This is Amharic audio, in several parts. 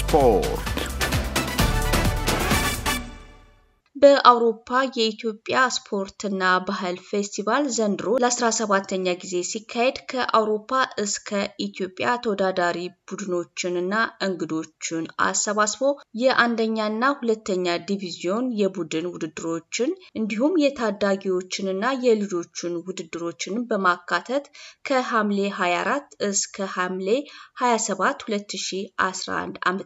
spor. በአውሮፓ የኢትዮጵያ ስፖርትና ባህል ፌስቲቫል ዘንድሮ ለ17ኛ ጊዜ ሲካሄድ ከአውሮፓ እስከ ኢትዮጵያ ተወዳዳሪ ቡድኖችንና እንግዶችን አሰባስቦ የአንደኛና ሁለተኛ ዲቪዚዮን የቡድን ውድድሮችን እንዲሁም የታዳጊዎችንና የልጆችን ውድድሮችን በማካተት ከሐምሌ 24 እስከ ሐምሌ 27 2011 ዓ.ም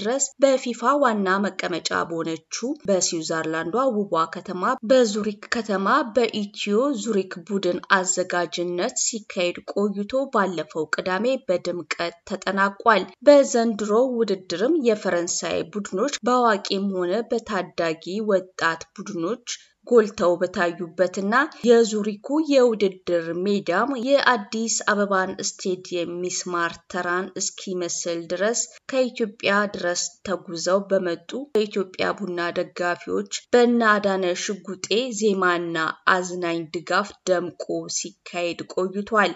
ድረስ በፊፋ ዋና መቀመጫ በሆነችው በስዊዘርላንድ ኔዘርላንዷ ውቧ ከተማ በዙሪክ ከተማ በኢትዮ ዙሪክ ቡድን አዘጋጅነት ሲካሄድ ቆይቶ ባለፈው ቅዳሜ በድምቀት ተጠናቋል። በዘንድሮ ውድድርም የፈረንሳይ ቡድኖች በአዋቂም ሆነ በታዳጊ ወጣት ቡድኖች ጎልተው በታዩበትና የዙሪኩ የውድድር ሜዳም የአዲስ አበባን ስቴዲየም ሚስማር ተራን እስኪመስል ድረስ ከኢትዮጵያ ድረስ ተጉዘው በመጡ በኢትዮጵያ ቡና ደጋፊዎች በነ አዳነ ሽጉጤ ዜማና አዝናኝ ድጋፍ ደምቆ ሲካሄድ ቆይቷል።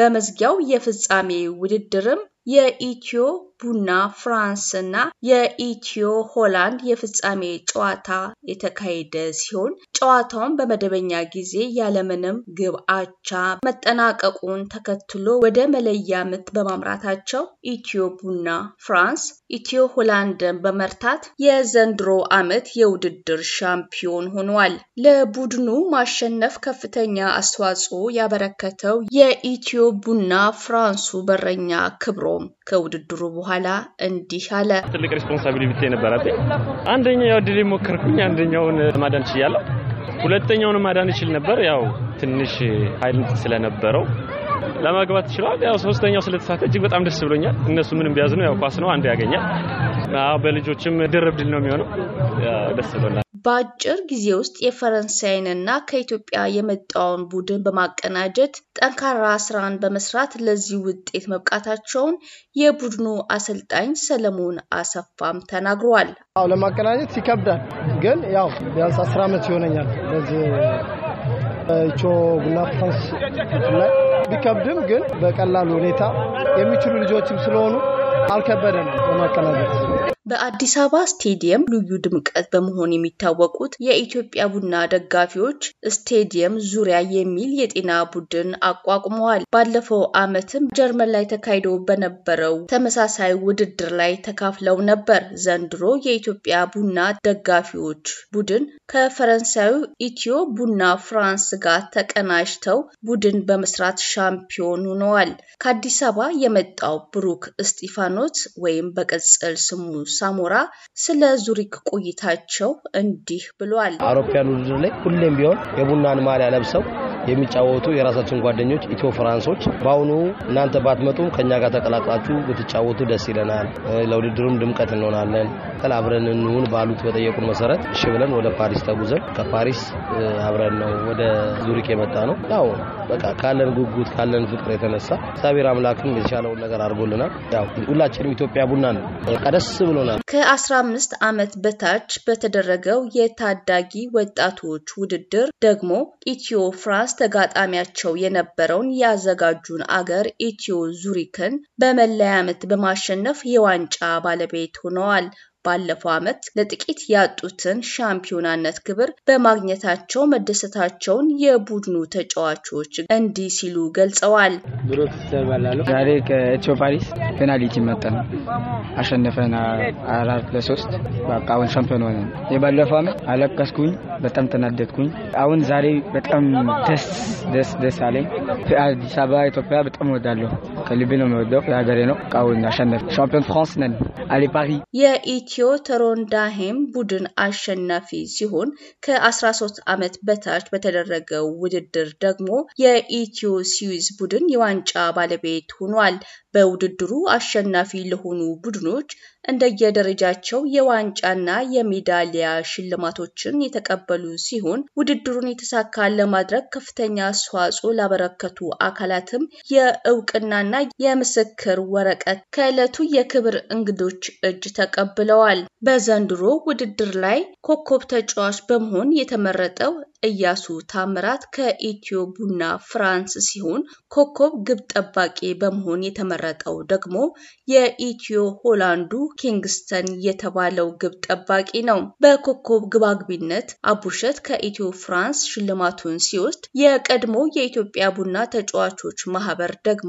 በመዝጊያው የፍጻሜ ውድድርም Я и чё ቡና ፍራንስ እና የኢትዮ ሆላንድ የፍጻሜ ጨዋታ የተካሄደ ሲሆን ጨዋታውን በመደበኛ ጊዜ ያለምንም ግብ አቻ መጠናቀቁን ተከትሎ ወደ መለያ ምት በማምራታቸው ኢትዮ ቡና ፍራንስ ኢትዮ ሆላንድን በመርታት የዘንድሮ ዓመት የውድድር ሻምፒዮን ሆኗል። ለቡድኑ ማሸነፍ ከፍተኛ አስተዋጽኦ ያበረከተው የኢትዮ ቡና ፍራንሱ በረኛ ክብሮም ከውድድሩ በኋላ በኋላ እንዲህ አለ። ትልቅ ሪስፖንሳቢሊቲ ነበረብኝ። አንደኛ ያው ድል ሞከርኩኝ። አንደኛውን ማዳን ችያለሁ። ሁለተኛውን ማዳን ይችል ነበር። ያው ትንሽ ኃይል ስለነበረው ለማግባት ይችላል። ያው ሶስተኛው ስለተሳተ እጅግ በጣም ደስ ብሎኛል። እነሱ ምንም ነው ያው ኳስ ነው፣ አንድ ያገኛል። በልጆችም ድርብ ድል ነው የሚሆነው። ደስ ብሎናል። በአጭር ጊዜ ውስጥ የፈረንሳይንና ከኢትዮጵያ የመጣውን ቡድን በማቀናጀት ጠንካራ ስራን በመስራት ለዚህ ውጤት መብቃታቸውን የቡድኑ አሰልጣኝ ሰለሞን አሰፋም ተናግሯል። አዎ ለማቀናጀት ይከብዳል፣ ግን ያው ቢያንስ አስር ዓመት ይሆነኛል በዚህ ቡና ፍራንስ ላይ ቢከብድም ግን በቀላሉ ሁኔታ የሚችሉ ልጆችም ስለሆኑ አልከበደም ለማቀናጀት በአዲስ አበባ ስቴዲየም ልዩ ድምቀት በመሆን የሚታወቁት የኢትዮጵያ ቡና ደጋፊዎች ስቴዲየም ዙሪያ የሚል የጤና ቡድን አቋቁመዋል። ባለፈው ዓመትም ጀርመን ላይ ተካሂዶ በነበረው ተመሳሳይ ውድድር ላይ ተካፍለው ነበር። ዘንድሮ የኢትዮጵያ ቡና ደጋፊዎች ቡድን ከፈረንሳዩ ኢትዮ ቡና ፍራንስ ጋር ተቀናጅተው ቡድን በመስራት ሻምፒዮን ሆነዋል። ከአዲስ አበባ የመጣው ብሩክ እስጢፋኖት ወይም በቅጽል ስሙ ሳሞራ ስለ ዙሪክ ቆይታቸው እንዲህ ብሏል። አውሮፓውያን ውድድር ላይ ሁሌም ቢሆን የቡናን ማሊያ ለብሰው የሚጫወቱ የራሳችን ጓደኞች ኢትዮ ፍራንሶች በአሁኑ እናንተ ባትመጡ ከእኛ ጋር ተቀላቅላችሁ ብትጫወቱ ደስ ይለናል፣ ለውድድሩም ድምቀት እንሆናለን፣ ቀል አብረን እንሁን ባሉት በጠየቁን መሰረት እሺ ብለን ወደ ፓሪስ ተጉዘን ከፓሪስ አብረን ነው ወደ ዙሪክ የመጣ ነው። ያው በቃ ካለን ጉጉት ካለን ፍቅር የተነሳ እግዚአብሔር አምላክም የተሻለውን ነገር አድርጎልናል። ያው ሁላችንም ኢትዮጵያ ቡና ነው ቀደስ ብሎናል። ከ15 ዓመት በታች በተደረገው የታዳጊ ወጣቶች ውድድር ደግሞ ኢትዮ ፍራንስ ተጋጣሚያቸው የነበረውን ያዘጋጁን አገር ኢትዮ ዙሪክን በመለያ ምት በማሸነፍ የዋንጫ ባለቤት ሆነዋል። ባለፈው ዓመት ለጥቂት ያጡትን ሻምፒዮናነት ክብር በማግኘታቸው መደሰታቸውን የቡድኑ ተጫዋቾች እንዲህ ሲሉ ገልጸዋል። ዛሬ ከኤትዮ ፓሪስ ፔናልቲ መጠን አሸነፈን አራት ለሶስት በቃ አሁን ሻምፒዮን ሆነ። የባለፈው ዓመት አለቀስኩኝ፣ በጣም ተናደድኩኝ። አሁን ዛሬ በጣም ደስ ደስ ደስ አለኝ። አዲስ አበባ ኢትዮጵያ በጣም ወዳለሁ፣ ከልቤ ነው የሚወደው፣ የሀገሬ ነው። አሁን አሸነፍ ሻምፒዮን ፍራንስ ነን አሌ ፓሪ የኢትዮ ኪዮተሮንዳሄም ቡድን አሸናፊ ሲሆን ከ13 ዓመት በታች በተደረገው ውድድር ደግሞ የኢትዮ ስዊዝ ቡድን የዋንጫ ባለቤት ሆኗል። በውድድሩ አሸናፊ ለሆኑ ቡድኖች እንደየደረጃቸው የዋንጫና የሜዳሊያ ሽልማቶችን የተቀበሉ ሲሆን ውድድሩን የተሳካ ለማድረግ ከፍተኛ አስተዋጽኦ ላበረከቱ አካላትም የእውቅናና የምስክር ወረቀት ከዕለቱ የክብር እንግዶች እጅ ተቀብለዋል። በዘንድሮ ውድድር ላይ ኮከብ ተጫዋች በመሆን የተመረጠው እያሱ ታምራት ከኢትዮ ቡና ፍራንስ ሲሆን ኮከብ ግብ ጠባቂ በመሆን የተመረጠው ደግሞ የኢትዮ ሆላንዱ ኪንግስተን የተባለው ግብ ጠባቂ ነው። በኮከብ ግባግቢነት አቡሸት ከኢትዮ ፍራንስ ሽልማቱን ሲወስድ፣ የቀድሞ የኢትዮጵያ ቡና ተጫዋቾች ማህበር ደግሞ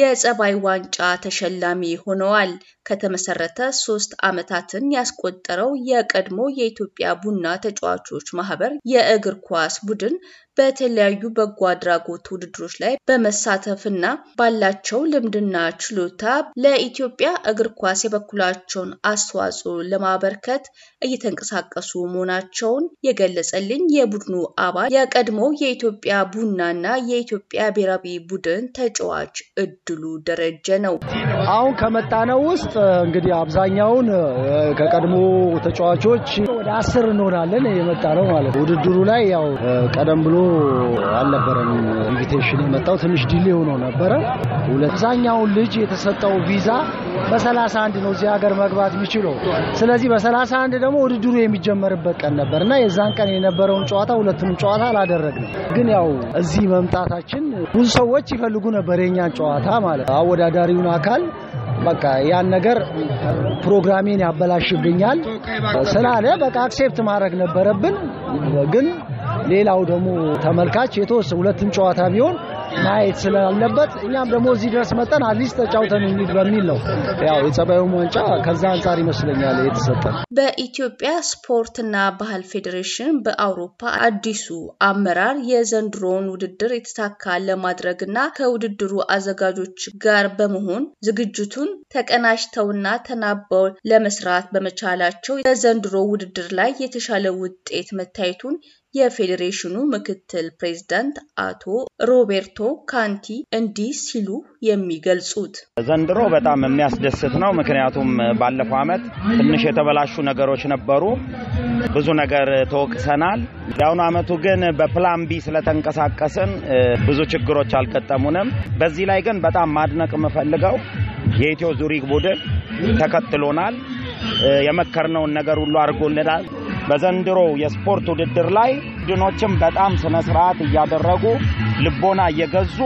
የጸባይ ዋንጫ ተሸላሚ ሆነዋል። ከተመሰረተ ሶስት ዓመታትን ያስቆጠረው የቀድሞ የኢትዮጵያ ቡና ተጫዋቾች ማህበር የእግር Was wooden በተለያዩ በጎ አድራጎት ውድድሮች ላይ በመሳተፍና ባላቸው ልምድና ችሎታ ለኢትዮጵያ እግር ኳስ የበኩላቸውን አስተዋጽኦ ለማበርከት እየተንቀሳቀሱ መሆናቸውን የገለጸልኝ የቡድኑ አባል የቀድሞ የኢትዮጵያ ቡናና የኢትዮጵያ ብሔራዊ ቡድን ተጫዋች እድሉ ደረጀ ነው። አሁን ከመጣነው ውስጥ እንግዲህ አብዛኛውን ከቀድሞ ተጫዋቾች ወደ አስር እንሆናለን የመጣ ነው ማለት ውድድሩ ላይ ያው ቀደም ብሎ አልነበረንም። ኢንቪቴሽን የመጣው ትንሽ ዲሌ ሆኖ ነበረ። አብዛኛው ልጅ የተሰጠው ቪዛ በሰላሳ አንድ ነው እዚህ ሀገር መግባት የሚችለው። ስለዚህ በሰላሳ አንድ ደግሞ ውድድሩ የሚጀመርበት ቀን ነበር እና የዛን ቀን የነበረውን ጨዋታ ሁለቱንም ጨዋታ አላደረግንም። ግን ያው እዚህ መምጣታችን ብዙ ሰዎች ይፈልጉ ነበር የኛን ጨዋታ ማለት አወዳዳሪውን አካል በቃ ያን ነገር ፕሮግራሜን ያበላሽብኛል ስላለ በቃ አክሴፕት ማድረግ ነበረብን ግን ሌላው ደግሞ ተመልካች የተወሰነ ሁለትም ጨዋታ ቢሆን ማየት ስላለበት እኛም ደግሞ እዚህ ድረስ መጠን አትሊስት ተጫውተን እንሂድ በሚል ነው። ያው የጸባዩም ዋንጫ ከዛ አንጻር ይመስለኛል የተሰጠን። በኢትዮጵያ ስፖርትና ባህል ፌዴሬሽን በአውሮፓ አዲሱ አመራር የዘንድሮውን ውድድር የተሳካ ለማድረግና ከውድድሩ አዘጋጆች ጋር በመሆን ዝግጅቱን ተቀናጅተውና ተናበው ለመስራት በመቻላቸው በዘንድሮ ውድድር ላይ የተሻለ ውጤት መታየቱን የፌዴሬሽኑ ምክትል ፕሬዝዳንት አቶ ሮቤርቶ ካንቲ እንዲህ ሲሉ የሚገልጹት ዘንድሮ በጣም የሚያስደስት ነው። ምክንያቱም ባለፈው ዓመት ትንሽ የተበላሹ ነገሮች ነበሩ። ብዙ ነገር ተወቅሰናል። የአሁኑ ዓመቱ ግን በፕላን ቢ ስለተንቀሳቀስን ብዙ ችግሮች አልገጠሙንም። በዚህ ላይ ግን በጣም ማድነቅ የምፈልገው የኢትዮ ዙሪክ ቡድን ተከትሎናል። የመከርነውን ነገር ሁሉ አድርጎልናል። በዘንድሮ የስፖርት ውድድር ላይ ቡድኖችም በጣም ስነ ስርዓት እያደረጉ ልቦና እየገዙ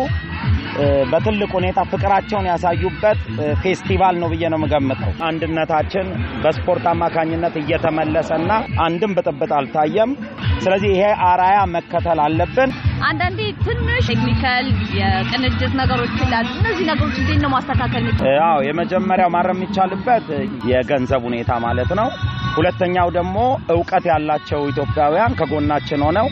በትልቅ ሁኔታ ፍቅራቸውን ያሳዩበት ፌስቲቫል ነው ብዬ ነው የምገምጠው። አንድነታችን በስፖርት አማካኝነት እየተመለሰና አንድም ብጥብጥ አልታየም። ስለዚህ ይሄ አራያ መከተል አለብን። አንዳንዴ ትንሽ ቴክኒካል የቅንጅት ነገሮች ይላሉ። እነዚህ ነገሮች እንዴት ነው ማስተካከል? አዎ የመጀመሪያው ማረም የሚቻልበት የገንዘብ ሁኔታ ማለት ነው። ሁለተኛው ደግሞ እውቀት ያላቸው ኢትዮጵያውያን ከጎናችን ሆነው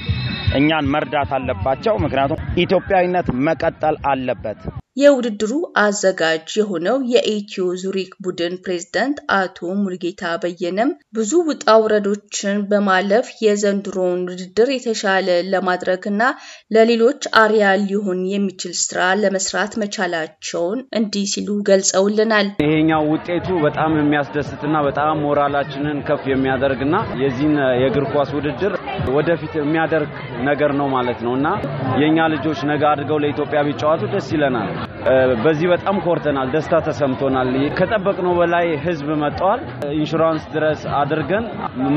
እኛን መርዳት አለባቸው። ምክንያቱም ኢትዮጵያዊነት መቀጠል አለበት። የውድድሩ አዘጋጅ የሆነው የኢትዮ ዙሪክ ቡድን ፕሬዝዳንት አቶ ሙልጌታ በየነም ብዙ ውጣ ውረዶችን በማለፍ የዘንድሮውን ውድድር የተሻለ ለማድረግና ለሌሎች አርያ ሊሆን የሚችል ስራ ለመስራት መቻላቸውን እንዲህ ሲሉ ገልጸውልናል። ይሄኛው ውጤቱ በጣም የሚያስደስትና በጣም ሞራላችንን ከፍ የሚያደርግና የዚህን የእግር ኳስ ውድድር ወደፊት የሚያደርግ ነገር ነው ማለት ነው እና የእኛ ልጆች ነገ አድርገው ለኢትዮጵያ ቢጫወቱ ደስ ይለናል። በዚህ በጣም ኮርተናል፣ ደስታ ተሰምቶናል። ከጠበቅነው በላይ ህዝብ መጥተዋል። ኢንሹራንስ ድረስ አድርገን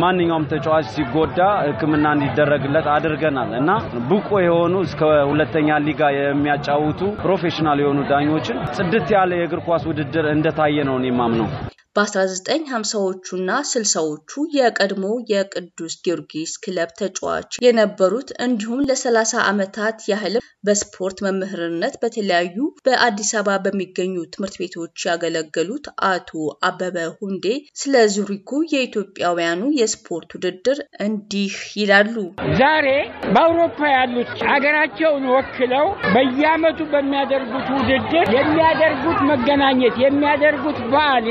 ማንኛውም ተጫዋች ሲጎዳ ሕክምና እንዲደረግለት አድርገናል እና ብቁ የሆኑ እስከ ሁለተኛ ሊጋ የሚያጫውቱ ፕሮፌሽናል የሆኑ ዳኞችን ጽድት ያለ የእግር ኳስ ውድድር እንደታየ ነው እኔ ማምነው። በ1950ዎቹና 60ዎቹ የቀድሞ የቅዱስ ጊዮርጊስ ክለብ ተጫዋች የነበሩት እንዲሁም ለ30 ዓመታት ያህል በስፖርት መምህርነት በተለያዩ በአዲስ አበባ በሚገኙ ትምህርት ቤቶች ያገለገሉት አቶ አበበ ሁንዴ ስለ ዙሪኩ የኢትዮጵያውያኑ የስፖርት ውድድር እንዲህ ይላሉ። ዛሬ በአውሮፓ ያሉት ሀገራቸውን ወክለው በየዓመቱ በሚያደርጉት ውድድር የሚያደርጉት መገናኘት፣ የሚያደርጉት በዓል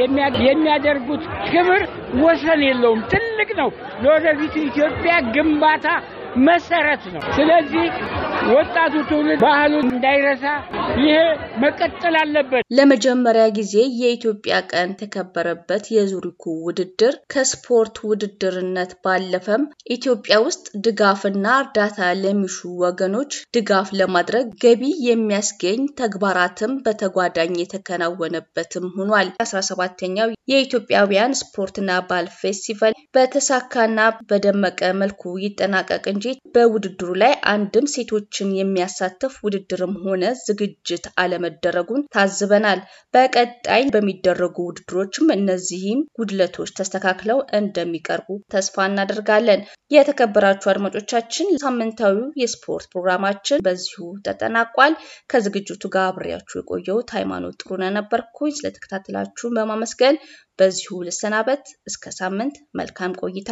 የሚያደርጉት ክብር ወሰን የለውም። ትልቅ ነው። ለወደፊቱ ኢትዮጵያ ግንባታ መሰረት ነው። ስለዚህ ወጣቱ ትውልድ ባህሉን እንዳይረሳ ይሄ መቀጠል አለበት። ለመጀመሪያ ጊዜ የኢትዮጵያ ቀን ተከበረበት የዙሪኩ ውድድር ከስፖርት ውድድርነት ባለፈም ኢትዮጵያ ውስጥ ድጋፍና እርዳታ ለሚሹ ወገኖች ድጋፍ ለማድረግ ገቢ የሚያስገኝ ተግባራትም በተጓዳኝ የተከናወነበትም ሆኗል። 17ኛው የኢትዮጵያውያን ስፖርትና ባህል ፌስቲቫል በተሳካና በደመቀ መልኩ ይጠናቀቅ እንጂ በውድድሩ ላይ አንድም ሴቶችን የሚያሳትፍ ውድድርም ሆነ ዝግጅ ዝግጅት አለመደረጉን ታዝበናል። በቀጣይ በሚደረጉ ውድድሮችም እነዚህም ጉድለቶች ተስተካክለው እንደሚቀርቡ ተስፋ እናደርጋለን። የተከበራችሁ አድማጮቻችን ሳምንታዊው የስፖርት ፕሮግራማችን በዚሁ ተጠናቋል። ከዝግጅቱ ጋር አብሬያችሁ የቆየሁት ሃይማኖት ጥሩነህ ነበርኩኝ። ስለተከታተላችሁን በማመስገን በዚሁ ልሰናበት። እስከ ሳምንት መልካም ቆይታ